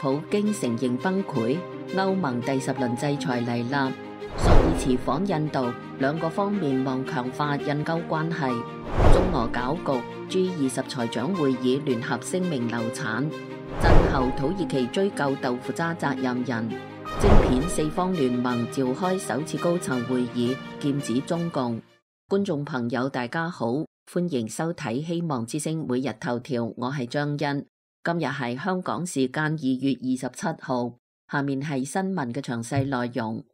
普京承認崩潰，歐盟第十輪制裁嚟啦。朔爾茨訪印度，兩個方面望強化印歐關係。中俄搞局，G 二十財長會議聯合聲明流產。震後土耳其追究豆腐渣，渣責任人。晶片四方聯盟召開首次高層會議，劍指中共。觀眾朋友，大家好，歡迎收睇《希望之星》每日頭條，我係張恩。今日係香港時間二月二十七號，下面係新聞嘅詳細內容。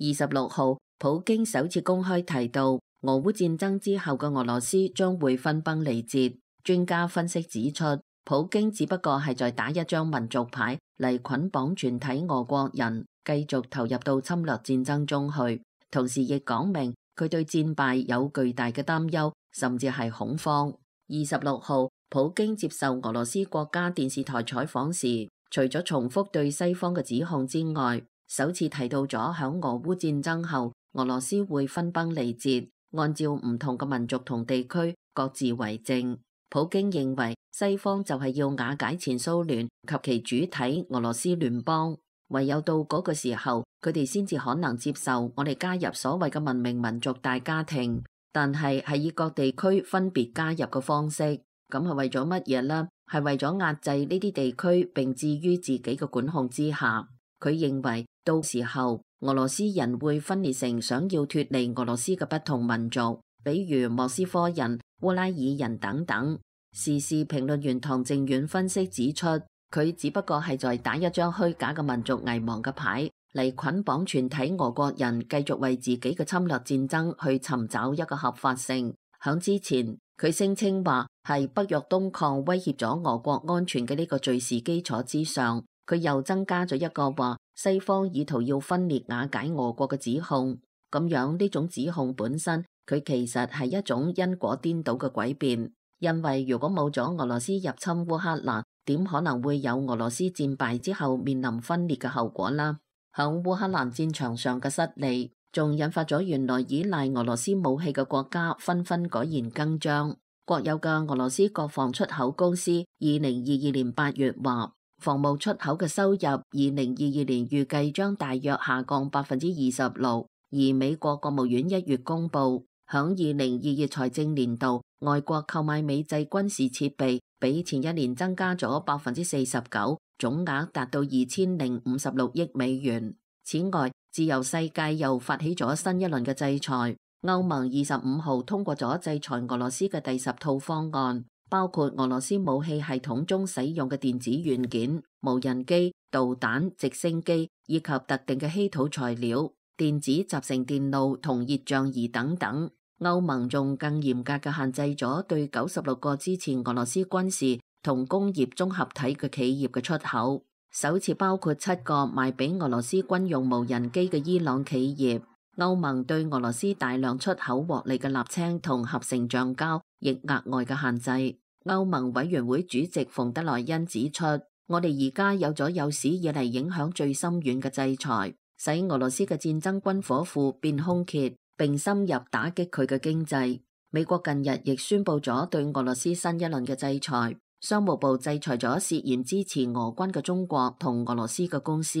二十六號，普京首次公開提到俄烏戰爭之後嘅俄羅斯將會分崩離析。專家分析指出，普京只不過係在打一張民族牌嚟捆綁全體俄國人，繼續投入到侵略戰爭中去。同時亦講明佢對戰敗有巨大嘅擔憂，甚至係恐慌。二十六號。普京接受俄羅斯國家電視台採訪時，除咗重複對西方嘅指控之外，首次提到咗響俄烏戰爭後，俄羅斯會分崩離析，按照唔同嘅民族同地區各自為政。普京認為西方就係要瓦解前蘇聯及其主體俄羅斯聯邦，唯有到嗰個時候，佢哋先至可能接受我哋加入所謂嘅文明民族大家庭，但係係以各地區分別加入嘅方式。咁係為咗乜嘢呢？係為咗壓制呢啲地區，並置於自己嘅管控之下。佢認為到時候俄羅斯人會分裂成想要脫離俄羅斯嘅不同民族，比如莫斯科人、烏拉爾人等等。時事評論員唐靜遠分析指出，佢只不過係在打一張虛假嘅民族危亡嘅牌嚟捆綁全體俄國人，繼續為自己嘅侵略戰爭去尋找一個合法性。響之前。佢聲稱話係北約東擴威脅咗俄國安全嘅呢個敘事基礎之上，佢又增加咗一個話西方意圖要分裂瓦解俄國嘅指控。咁樣呢種指控本身，佢其實係一種因果顛倒嘅詭辯，因為如果冇咗俄羅斯入侵烏克蘭，點可能會有俄羅斯戰敗之後面臨分裂嘅後果啦？響烏克蘭戰場上嘅失利，仲引發咗原來依賴俄羅斯武器嘅國家紛紛改弦更張。國有嘅俄羅斯國防出口公司二零二二年八月話，防務出口嘅收入二零二二年預計將大約下降百分之二十六。而美國國務院一月公布，響二零二二財政年度，外國購買美製軍事設備比前一年增加咗百分之四十九，總額達到二千零五十六億美元。此外，自由世界又發起咗新一輪嘅制裁。歐盟二十五號通過咗制裁俄羅斯嘅第十套方案，包括俄羅斯武器系統中使用嘅電子元件、無人機、導彈、直升機以及特定嘅稀土材料、電子集成電路同熱像儀等等。歐盟仲更嚴格嘅限制咗對九十六個支持俄羅斯軍事同工業綜合體嘅企業嘅出口。首次包括七個賣俾俄羅斯軍用無人機嘅伊朗企業，歐盟對俄羅斯大量出口獲利嘅瀝青同合成橡膠亦額外嘅限制。歐盟委員會主席馮德萊恩指出，我哋而家有咗有史以嚟影響最深遠嘅制裁，使俄羅斯嘅戰爭軍火庫變空竭，並深入打擊佢嘅經濟。美國近日亦宣布咗對俄羅斯新一輪嘅制裁。商務部制裁咗涉嫌支持俄軍嘅中國同俄羅斯嘅公司，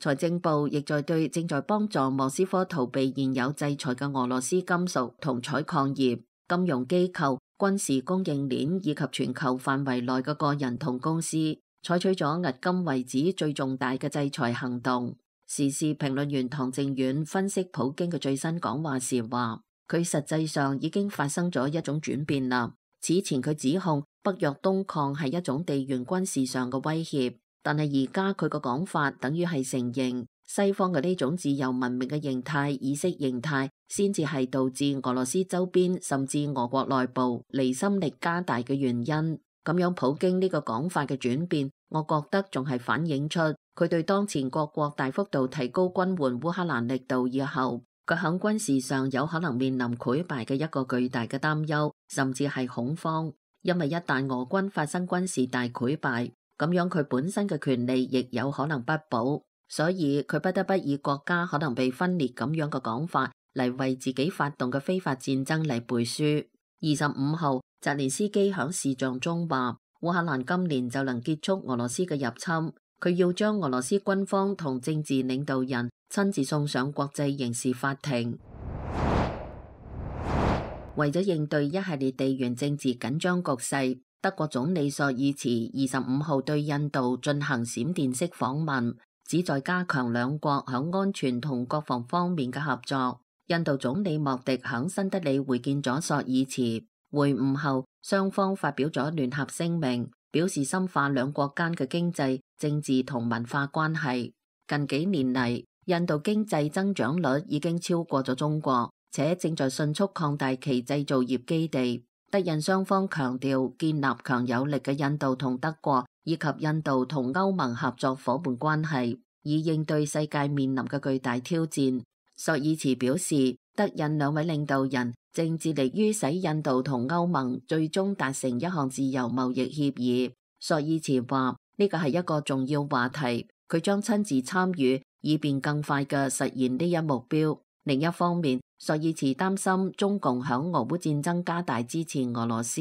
財政部亦在對正在幫助莫斯科逃避現有制裁嘅俄羅斯金屬同採礦業、金融機構、軍事供應鏈以及全球範圍內嘅個人同公司採取咗迄今為止最重大嘅制裁行動。時事評論員唐正遠分析普京嘅最新講話時話：佢實際上已經發生咗一種轉變啦。此前佢指控北約東擴係一種地緣軍事上嘅威脅，但係而家佢個講法等於係承認西方嘅呢種自由文明嘅形態、意識形態，先至係導致俄羅斯周邊甚至俄國內部離心力加大嘅原因。咁樣普京呢個講法嘅轉變，我覺得仲係反映出佢對當前各國大幅度提高軍援烏克蘭力度以後。.佢響軍事上有可能面臨潰敗嘅一個巨大嘅擔憂，甚至係恐慌，因為一旦俄軍發生軍事大潰敗，咁樣，佢本身嘅權力亦有可能不保，所以佢不得不以國家可能被分裂咁樣嘅講法嚟為自己發動嘅非法戰爭嚟背書。二十五號，澤連斯基響視像中話烏克蘭今年就能結束俄羅斯嘅入侵。佢要將俄羅斯軍方同政治領導人親自送上國際刑事法庭。為咗應對一系列地緣政治緊張局勢，德國總理朔爾茨二十五號對印度進行閃電式訪問，旨在加強兩國喺安全同國防方面嘅合作。印度總理莫迪喺新德里會見咗朔爾茨，會晤後雙方發表咗聯合聲明。表示深化兩國間嘅經濟、政治同文化關係。近幾年嚟，印度經濟增長率已經超過咗中國，且正在迅速擴大其製造業基地。德印雙方強調建立強有力嘅印度同德國以及印度同歐盟合作夥伴關係，以應對世界面臨嘅巨大挑戰。朔爾茨表示，德印兩位領導人。正致力於使印度同歐盟最終達成一項自由貿易協議。朔爾茨話呢個係一個重要話題，佢將親自參與，以便更快嘅實現呢一目標。另一方面，朔爾茨擔心中共響俄烏戰爭加大支持俄羅斯。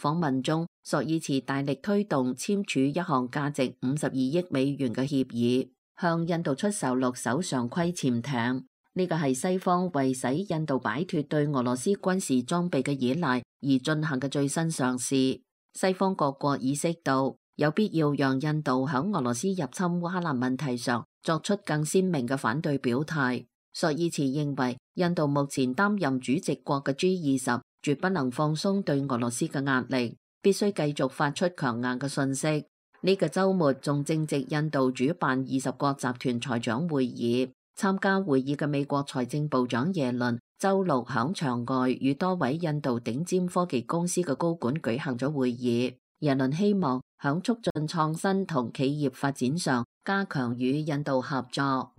訪問中，朔爾茨大力推動簽署一項價值五十二億美元嘅協議，向印度出售六艘常規潛艇。呢個係西方為使印度擺脫對俄羅斯軍事裝備嘅依賴而進行嘅最新嘗試。西方各國意識到有必要讓印度響俄羅斯入侵烏克蘭問題上作出更鮮明嘅反對表態。朔爾茨認為，印度目前擔任主席國嘅 G 二十絕不能放鬆對俄羅斯嘅壓力，必須繼續發出強硬嘅信息。呢、這個周末仲正值印度主辦二十國集團財長會議。參加會議嘅美國財政部長耶倫，周六響場外與多位印度頂尖科技公司嘅高管舉行咗會議。耶倫希望響促進創新同企業發展上加強與印度合作。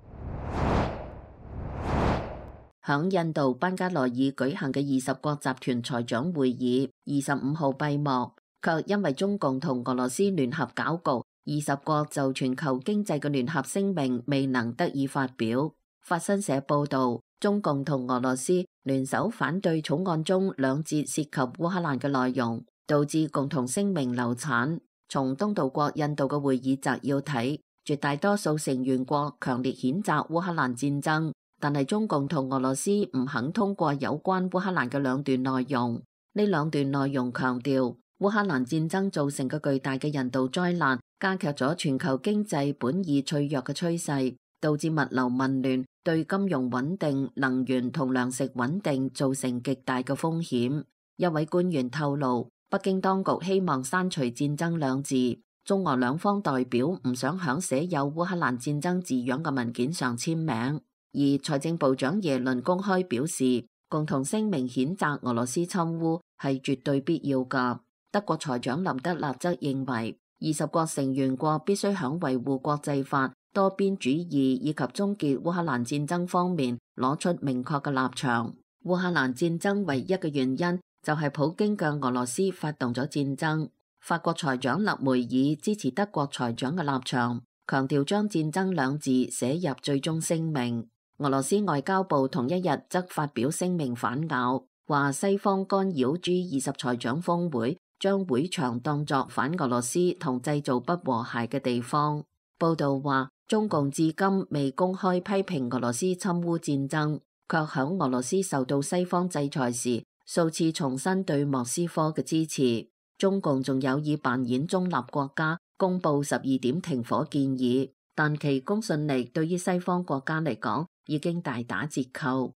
響 印度班加羅爾舉行嘅二十國集團財長會議，二十五號閉幕，卻因為中共同俄羅斯聯合搞局。二十國就全球經濟嘅聯合聲明未能得以發表。法新社報道，中共同俄羅斯聯手反對草案中兩節涉及烏克蘭嘅內容，導致共同聲明流產。從東道國印度嘅會議摘要睇，絕大多數成員國強烈譴責烏克蘭戰爭，但係中共同俄羅斯唔肯通過有關烏克蘭嘅兩段內容。呢兩段內容強調，烏克蘭戰爭造成嘅巨大嘅人道災難。加劇咗全球經濟本已脆弱嘅趨勢，導致物流混亂，對金融穩定、能源同糧食穩定造成極大嘅風險。一位官員透露，北京當局希望刪除「戰爭」兩字。中俄兩方代表唔想響寫有烏克蘭戰爭字樣嘅文件上簽名。而財政部長耶倫公開表示，共同聲明譴責俄羅斯侵烏係絕對必要嘅。德國財長林德納則認為。二十國成員國必須喺維護國際法、多邊主義以及終結烏克蘭戰爭方面攞出明確嘅立場。烏克蘭戰爭唯一嘅原因就係普京嘅俄羅斯發動咗戰爭。法國財長勒梅爾支持德國財長嘅立場，強調將戰爭兩字寫入最終聲明。俄羅斯外交部同一日則發表聲明反咬，話西方干擾 G 二十財長峰會。將會場當作反俄羅斯同製造不和諧嘅地方。報道話，中共至今未公開批評俄羅斯侵烏戰爭，卻響俄羅斯受到西方制裁時數次重申對莫斯科嘅支持。中共仲有意扮演中立國家，公布十二點停火建議，但其公信力對於西方國家嚟講已經大打折扣。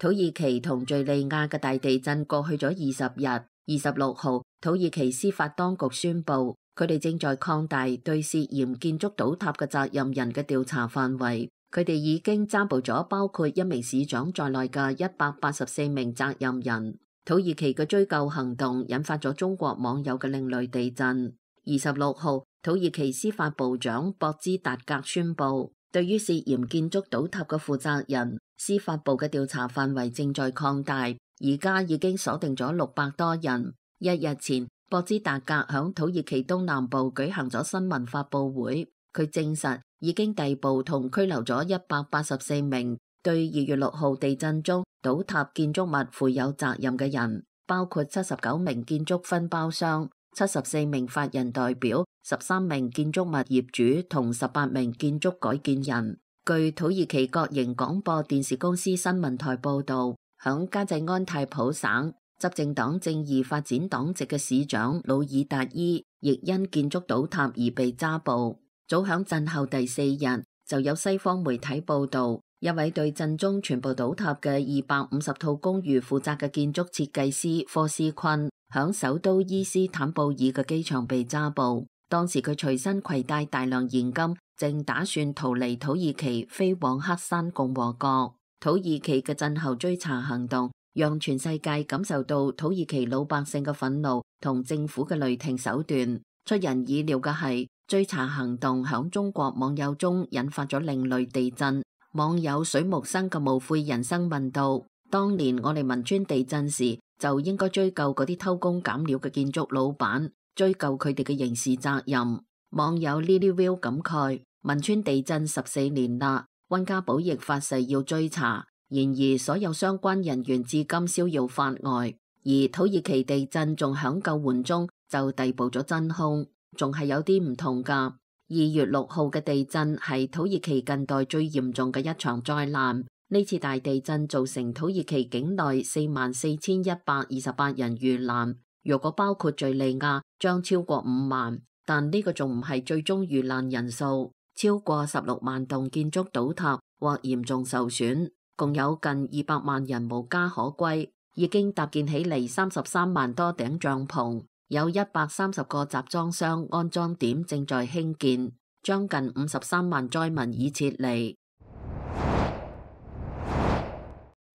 土耳其同敘利亞嘅大地震過去咗二十日。二十六號，土耳其司法當局宣布，佢哋正在擴大對涉嫌建築倒塌嘅責任人嘅調查範圍。佢哋已經抓捕咗包括一名市長在內嘅一百八十四名責任人。土耳其嘅追究行動引發咗中國網友嘅另類地震。二十六號，土耳其司法部長博茲達格宣布。對於涉嫌建築倒塌嘅負責人，司法部嘅調查範圍正在擴大，而家已經鎖定咗六百多人。一日前，博茲達格響土耳其東南部舉行咗新聞發布會，佢證實已經逮捕同拘留咗一百八十四名對二月六號地震中倒塌建築物負有責任嘅人，包括七十九名建築分包商、七十四名法人代表。十三名建築物業主同十八名建築改建人，據土耳其國營廣播電視公司新聞台報道，響加濟安泰普省執政黨正義發展黨籍嘅市長魯爾達伊，亦因建築倒塌而被抓捕。早響震後第四日，就有西方媒體報道，一位對震中全部倒塌嘅二百五十套公寓負責嘅建築設計師科斯坤響首都伊斯坦布爾嘅機場被抓捕。當時佢隨身攜帶大量現金，正打算逃離土耳其，飛往黑山共和國。土耳其嘅震後追查行動，讓全世界感受到土耳其老百姓嘅憤怒同政府嘅雷霆手段。出人意料嘅係，追查行動喺中國網友中引發咗另類地震。網友水木生嘅無悔人生問道：當年我哋汶川地震時，就應該追究嗰啲偷工減料嘅建築老闆。追究佢哋嘅刑事責任。網友 Lily Will 感慨：汶川地震十四年啦，温家寶亦發誓要追查，然而所有相關人員至今逍遙法外。而土耳其地震仲響救援中，就逮捕咗真兇，仲係有啲唔同噶。二月六號嘅地震係土耳其近代最嚴重嘅一場災難。呢次大地震造成土耳其境內四萬四千一百二十八人遇難。如果包括敘利亞，將超過五萬，但呢個仲唔係最終遇難人數。超過十六萬棟建築倒塌或嚴重受損，共有近二百萬人無家可歸。已經搭建起嚟三十三萬多頂帳篷，有一百三十個集裝箱安裝點正在興建，將近五十三萬災民已撤離。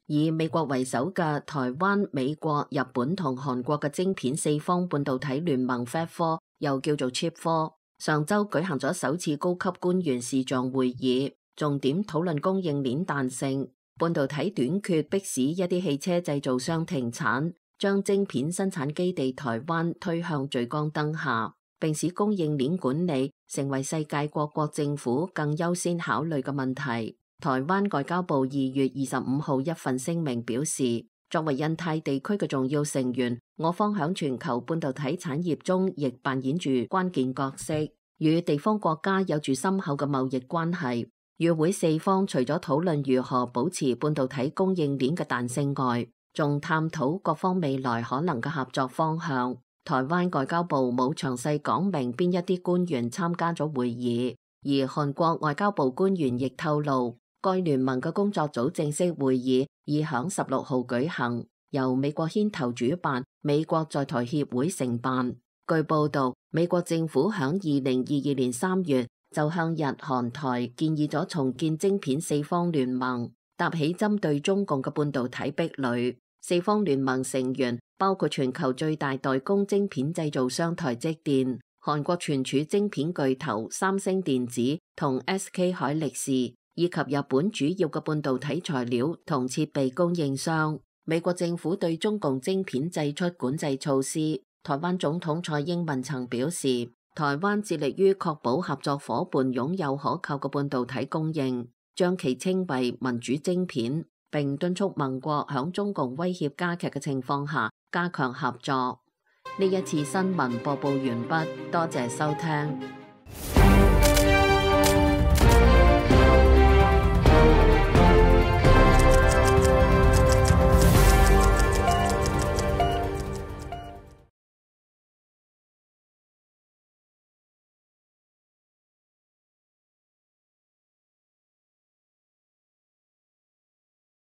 以美國為首嘅台灣、美國、日本同韓國嘅晶片四方半導體聯盟 （Fab4） 又叫做 Chip4，上周舉行咗首次高級官員視像會議，重點討論供應鏈彈性、半導體短缺，迫使一啲汽車製造商停產，將晶片生產基地台灣推向聚光燈下，並使供應鏈管理成為世界各國政府更優先考慮嘅問題。台灣外交部二月二十五號一份聲明表示，作為印太地區嘅重要成員，我方響全球半導體產業中亦扮演住關鍵角色，與地方國家有住深厚嘅貿易關係，與會四方除咗討論如何保持半導體供應鏈嘅彈性外，仲探討各方未來可能嘅合作方向。台灣外交部冇詳細講明邊一啲官員參加咗會議，而韓國外交部官員亦透露。該聯盟嘅工作組正式會議已響十六號舉行，由美國牽頭主辦，美國在台協會承辦。據報道，美國政府響二零二二年三月就向日韓台建議咗重建晶片四方聯盟，搭起針對中共嘅半導體壁壘。四方聯盟成員包括全球最大代工晶片製造商台積電、韓國存儲晶片巨頭三星電子同 SK 海力士。以及日本主要嘅半導體材料同設備供應商，美國政府對中共晶片祭出管制措施。台灣總統蔡英文曾表示，台灣致力於確保合作夥伴擁有可靠嘅半導體供應，將其稱為民主晶片，並敦促盟國響中共威脅加劇嘅情況下加強合作。呢一次新聞播報完畢，多謝收聽。